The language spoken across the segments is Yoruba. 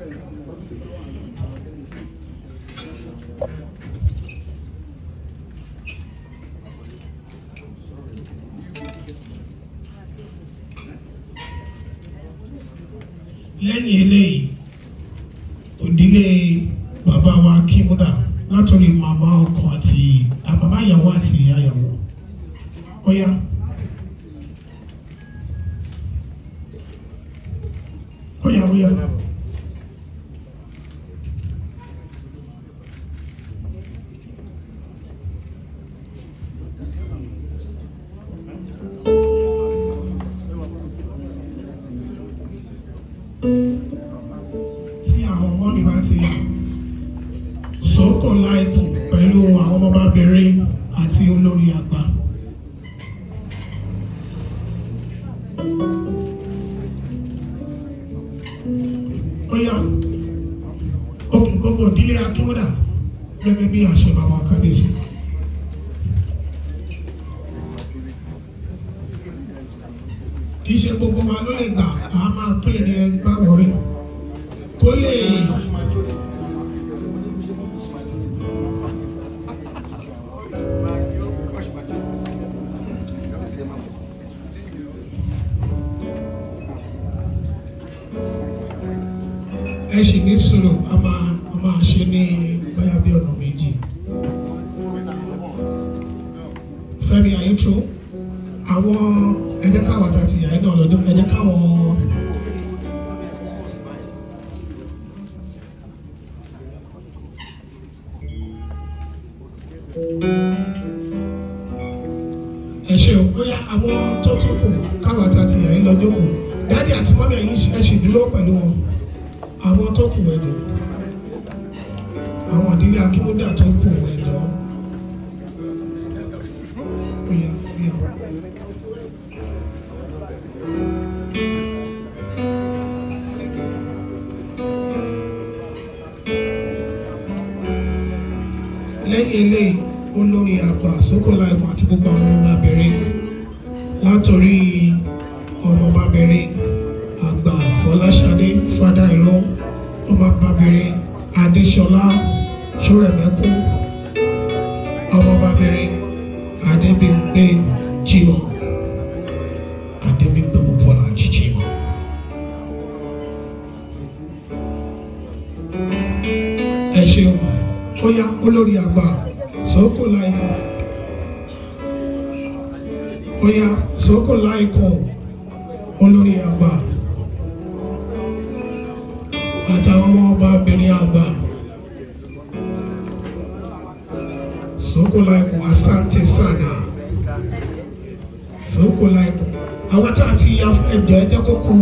lẹ́yìn eléyìí òdílé bàbá wa kímúdà látòrí màmá ọkọ àti àbàbá ìyàwó àti ìyá ìyàwó ọ̀yá. ọ̀yá ọ̀yá. Miracle Life pẹ̀lú àwọn ọmọbabìnrin àti olórí àgbà. Bóyá òkè gbogbo ìdílé Akínwúdà gẹ́gẹ́ bí àṣẹ bàbá Kábíyèsí. Kì í ṣe gbogbo wa ló lè gbà, àá máa pè ní ẹgbàá wọ̀rí. Kó lè. ẹ sì ní sùúrù a máa a máa ṣe ní bóyá bí ọ̀nà méjì. Fẹ́mi àyíntro àwọn ẹ̀jẹ̀ káwọn àtàtì àyín náà lọ́dún ẹ̀jẹ̀ káwọn. ẹ ṣe o bóyá àwọn tó tún kù káwọn àtàtì àyín lọ́dún kù dáàdi àti mọ́mí ẹ̀yìn ẹ dúró pẹ̀lú wọn àwọn tó kù ẹ̀dọ́ àwọn ìdílé akíwọ́dà tó kù ẹ̀dọ́ lẹ́yìn eléyìí olórí àgbà sókòlá ìmọ̀ àti gbogbo àwọn ọmọ abẹ́rẹ́ látòrí ọmọ ọba abẹ́rẹ́ àgbà Fọláṣadé fada ìrọ́ ọmọbabìnrin adéṣọlá ṣúrẹ̀mẹ́kú ọmọbabìnrin adébímpé jìmọ̀ adébímpé bọ̀bọ̀lá jìjìmọ̀. ẹ ṣeun ó yá olórí àgbà sọ́kò láìpọ̀ ó yá sọ́kò láìpọ̀ olórí àgbà àtàwọn ọmọ obìnrin àgbà sokolaikun asante sana sokolaikun àwọn tá a ti ya fún ẹ̀jẹ̀ ẹ̀jẹ̀ kókó.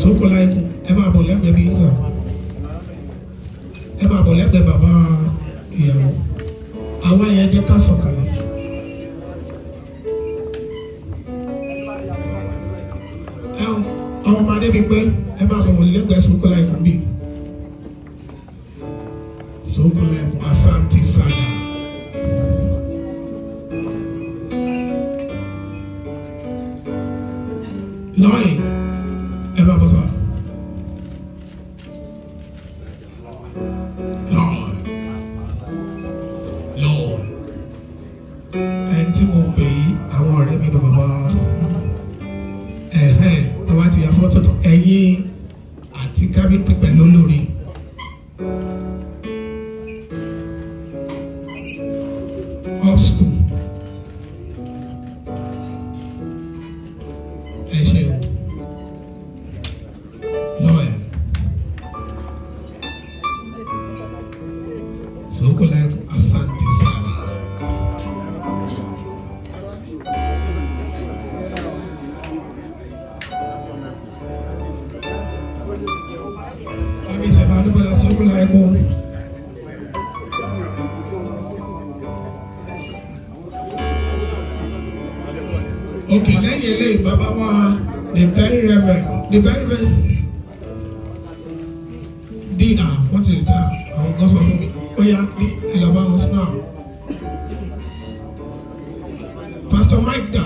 sokolaikun ẹ máa bọ̀ lẹ́gbẹ̀ẹ́ bí yíyá ẹ máa bọ̀ lẹ́gbẹ̀ẹ́ bàbá ìyàwó àwọn ẹ̀yẹ́dẹ́ ká Lord. Ẹni tí mo pè é àwọn ọ̀rẹ́ mi bàbá ẹ̀hẹ́n tí wọ́n ti yà fọ́tò tán ẹ̀yìn àti kábíyèsí pẹ̀lú olórin. Okay, then lẹ́yìn eléyìí Baba wọn the very reverend the very very dean ah wọ́n ti dá Oh yeah, sọ fún mi ó yá ní ìlànà àwọn sinna. Pastor Mike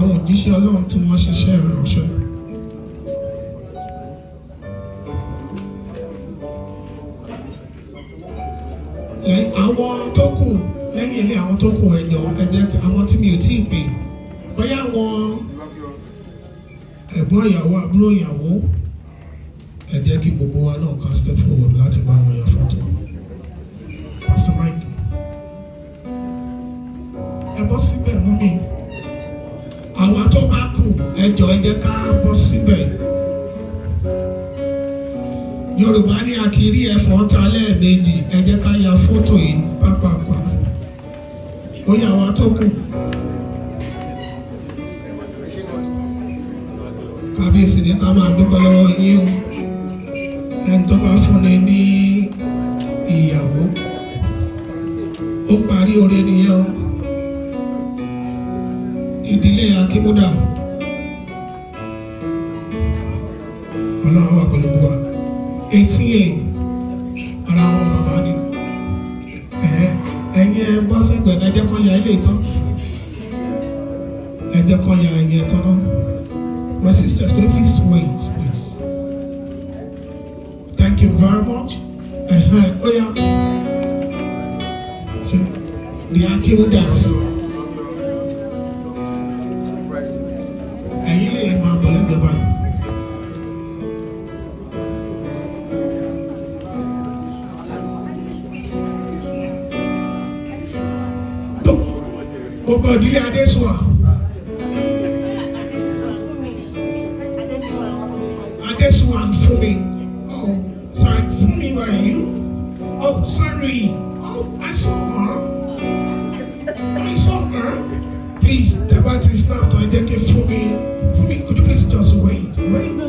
I want this year alone wọn àwọn òjíṣẹ́ share tí wọ́n Like I want to kù lẹ́yìn ilé àwọn tó kù ẹ̀jọ̀ ẹ̀jẹ̀ àwọn tí mi ò tí ì pè bóyá àwọn ẹ̀gbọ́n ìyàwó àbúrò ìyàwó ẹ jẹ́ kí gbogbo wa náà kan step forward láti bá wọn yà fọ́tò. Pastor Mike ẹ bọ́ síbẹ̀ mú mi àwọn tó bá kù ẹ jọ ẹ jẹ́ ká bọ́ síbẹ̀. Yorùbá ní akiri ẹ̀fọ́ ta lẹ́ẹ̀mejì ẹ jẹ́ ká ya fọ́tò yìí pápá bóyá àwọn atọ́kù. kábíyèsí ni ká máa dúpẹ́ lọ́wọ́ yín o ẹni tó bá fúnni ní ìyàwó ó parí oore nìyẹn ìdílé akíkúdà ọlọ́wọ́. my sisters could you please wait please thank you very much ẹ̀hán ó the akéwú dance. ẹ̀yin lè máa bọ̀ lẹ́gbẹ̀ẹ́ báyìí. gbogbo ìdílé adé sùn me. Oh, sorry, for me you. Oh, sorry. Oh, I saw her. I saw her. Please, the bat is not to identify for me. For me, could you please just wait? Wait.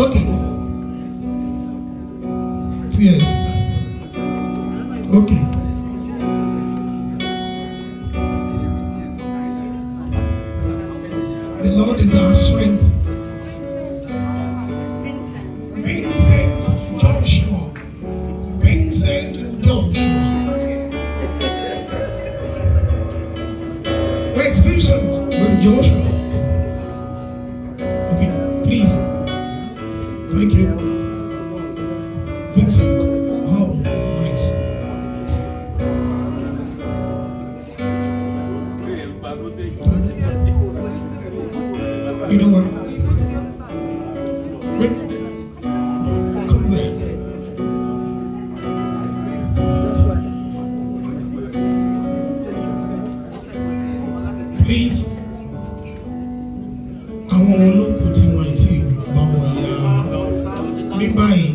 Okay. Yes. Okay. The Lord is our strength. Okay, please. Thank you. How? You know what? àwọn olókùn tí wọ́n ti bá wọn ní báyìí.